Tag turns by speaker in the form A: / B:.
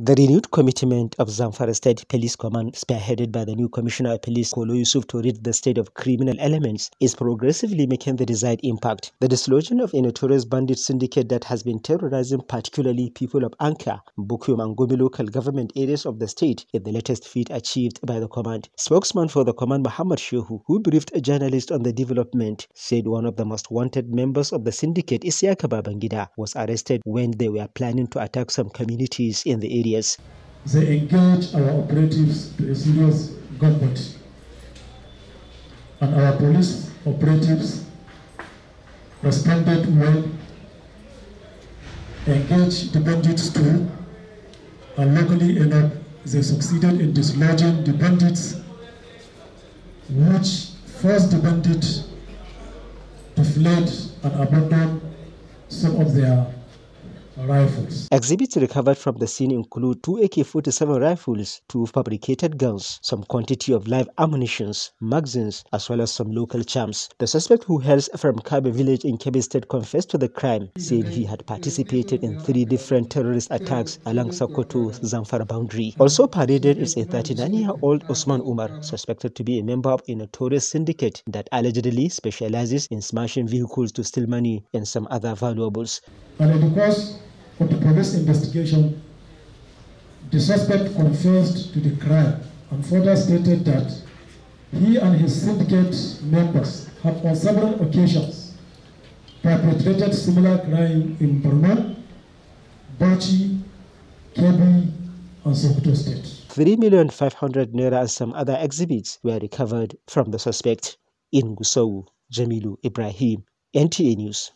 A: The renewed commitment of Zamfara State Police Command, spearheaded by the new Commissioner of Police Kolo Yusuf to rid the state of criminal elements, is progressively making the desired impact. The dislodging of a notorious bandit syndicate that has been terrorizing particularly people of Anka, Bukum and local government areas of the state is the latest feat achieved by the command. Spokesman for the command, Muhammad Shehu, who briefed a journalist on the development, said one of the most wanted members of the syndicate, Isiaka Bangida, was arrested when they were planning to attack some communities in the area they
B: engage our operatives to a serious combat, and our police operatives responded well, engaged the bandits too, and luckily enough, they succeeded in dislodging the bandits, which forced the bandits to flee and abandon some of their
A: rifles. Exhibits recovered from the scene include two AK-47 rifles, two fabricated guns, some quantity of live ammunition, magazines, as well as some local charms. The suspect who hails from Kabe village in Kebbi State confessed to the crime, saying he had participated in three different terrorist attacks along Sokoto-Zamfara boundary. Also paraded is a 39-year-old Osman Umar, suspected to be a member of a notorious syndicate that allegedly specializes in smashing vehicles to steal money and some other valuables.
B: But in the course of the police investigation, the suspect confessed to the crime and further stated that he and his syndicate members have on several occasions perpetrated similar crime in Burma, Bachi, Kebi, and Sokoto State.
A: 3 million 500 naira and some other exhibits were recovered from the suspect in Gusau, Jamilu Ibrahim, NTA News.